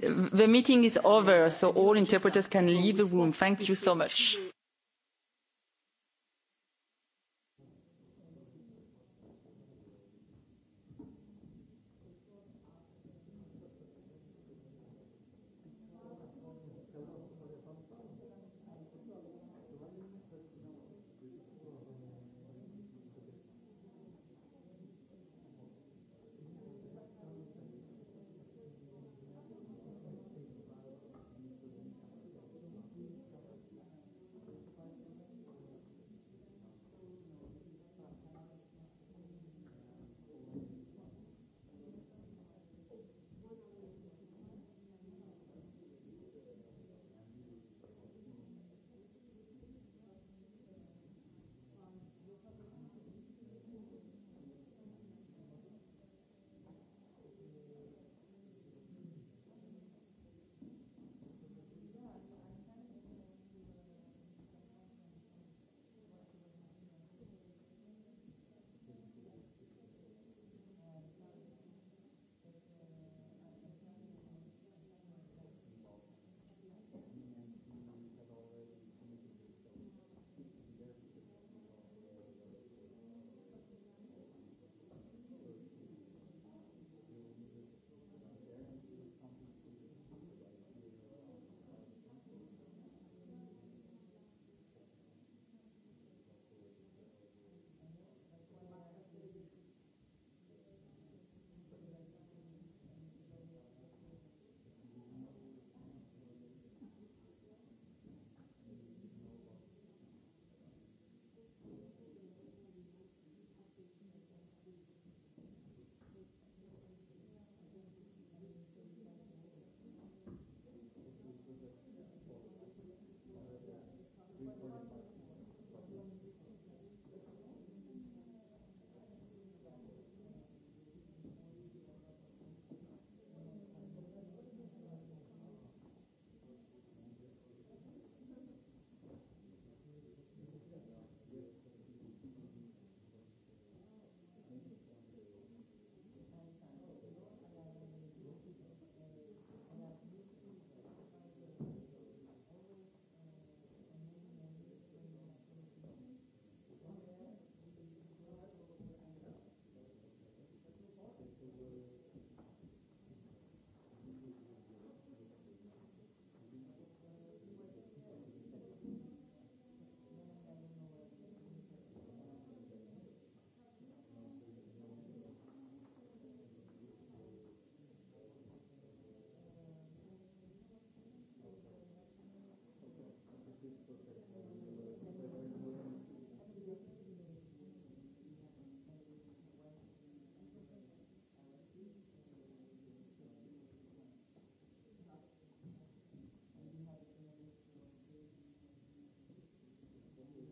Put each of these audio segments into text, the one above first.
the meeting is over so all interpreters can leave the room. thank you so much.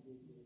Thank you.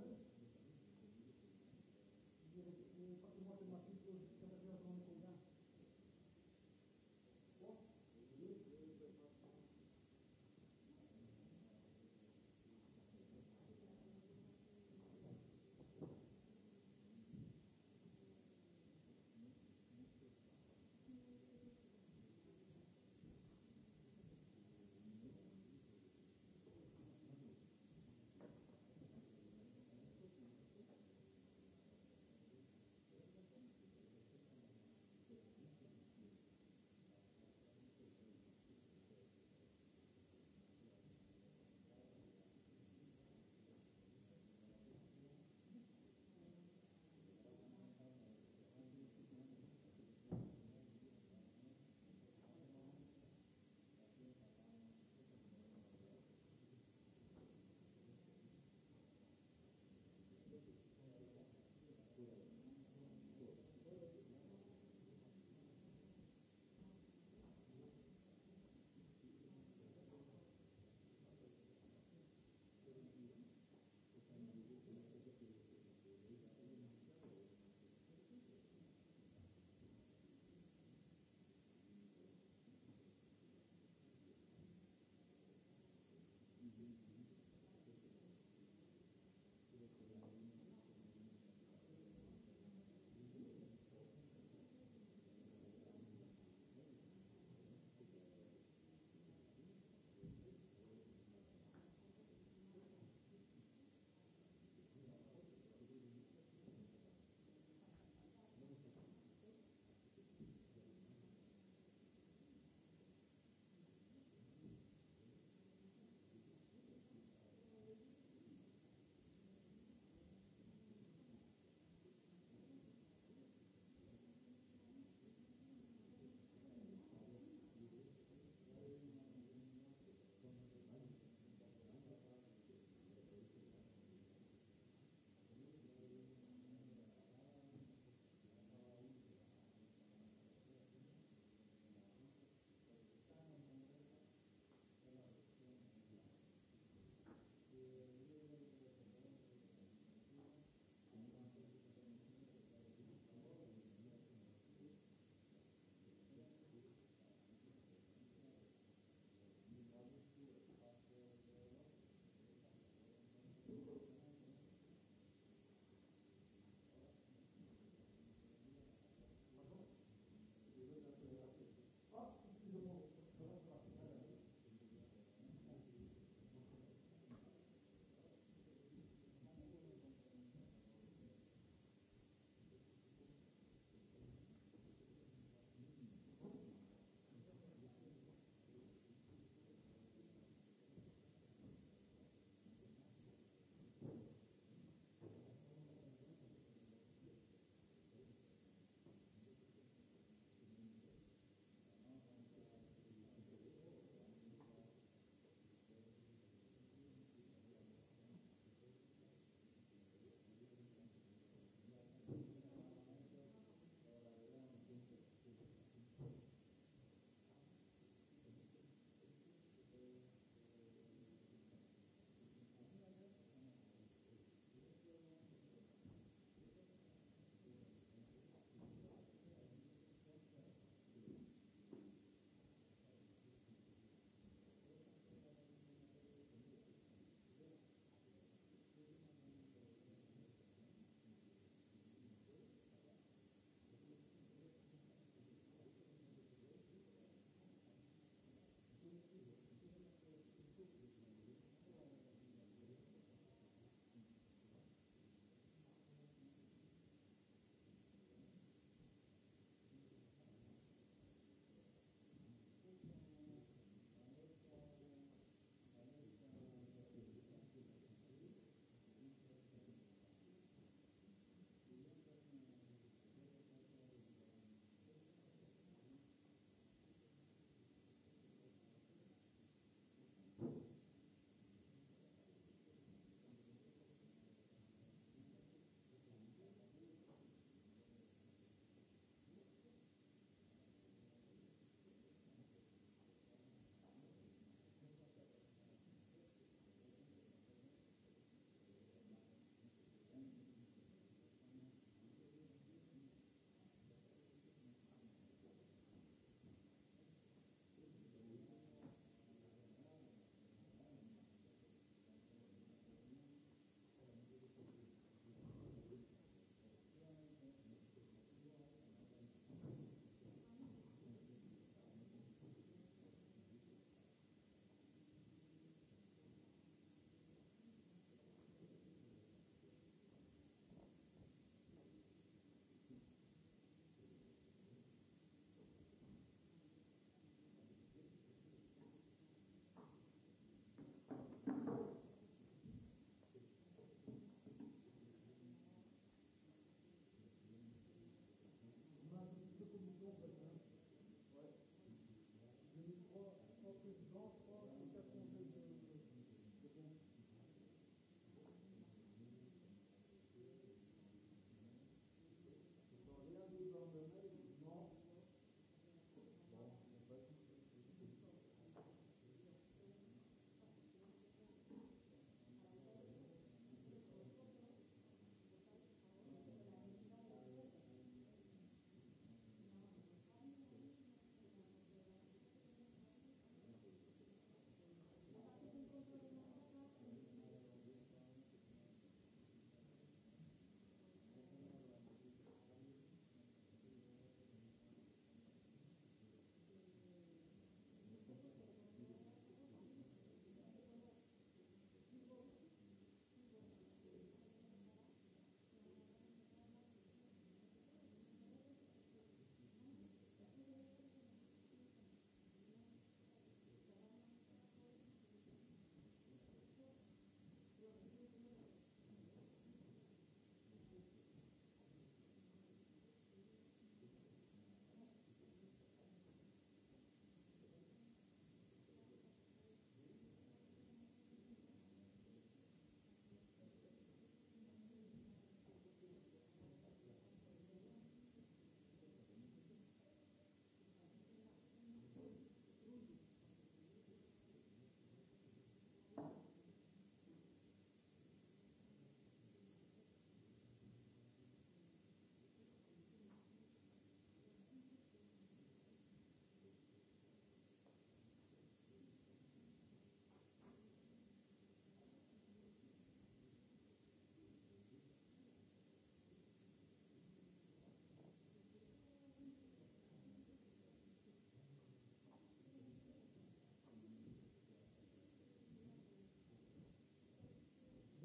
Thank you.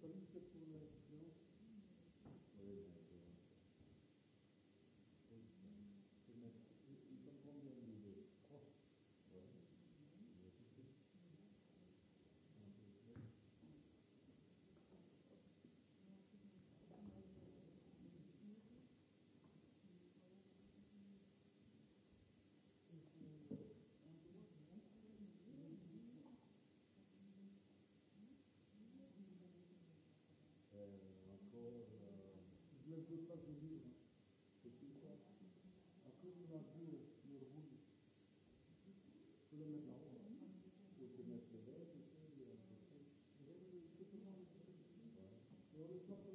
política por la elección. Mes deux pages de livres. C'est tout ça. Après, il a vu le rouge. Il faut le mettre là-haut. Il faut mettre le vert. Il faut le mettre le vert.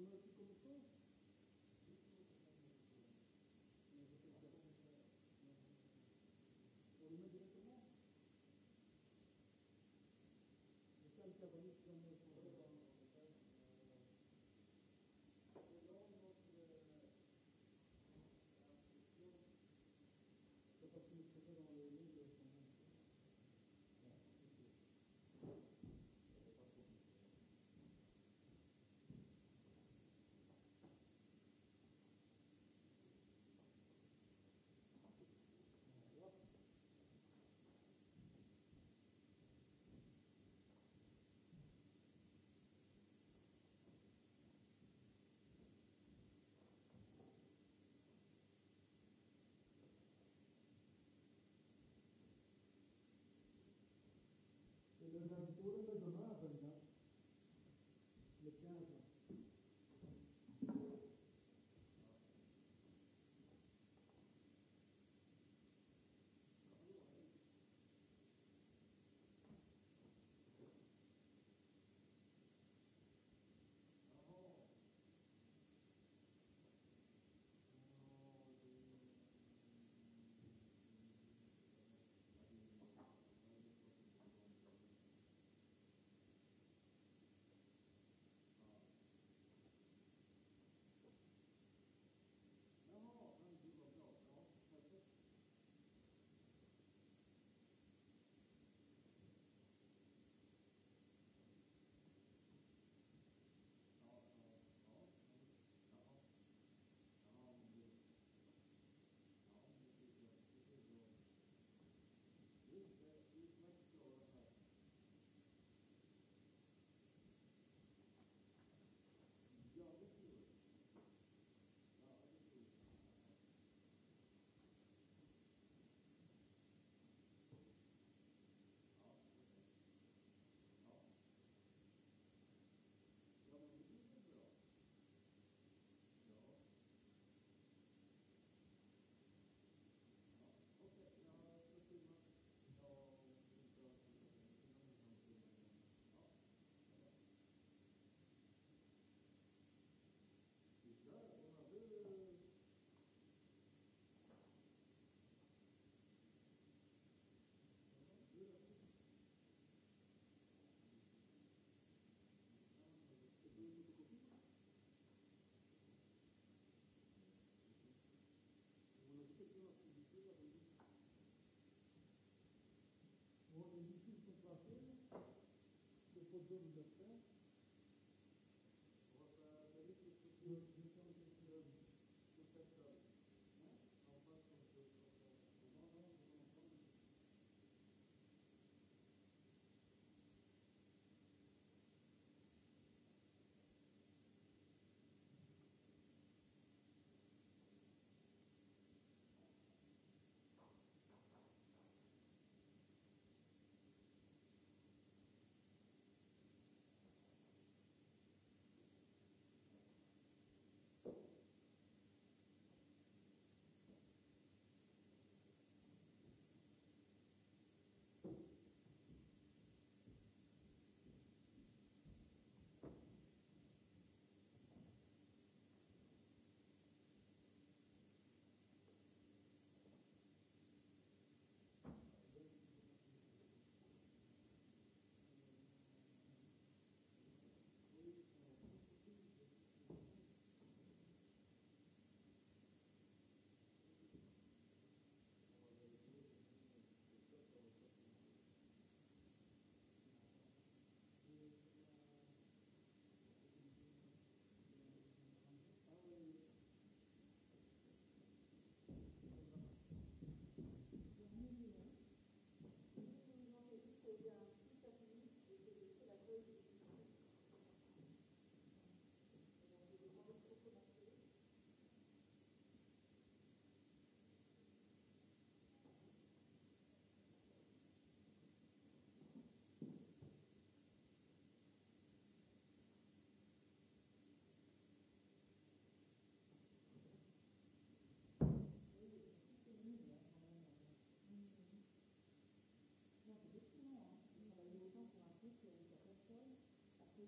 conoce como son. pot domnul doctor,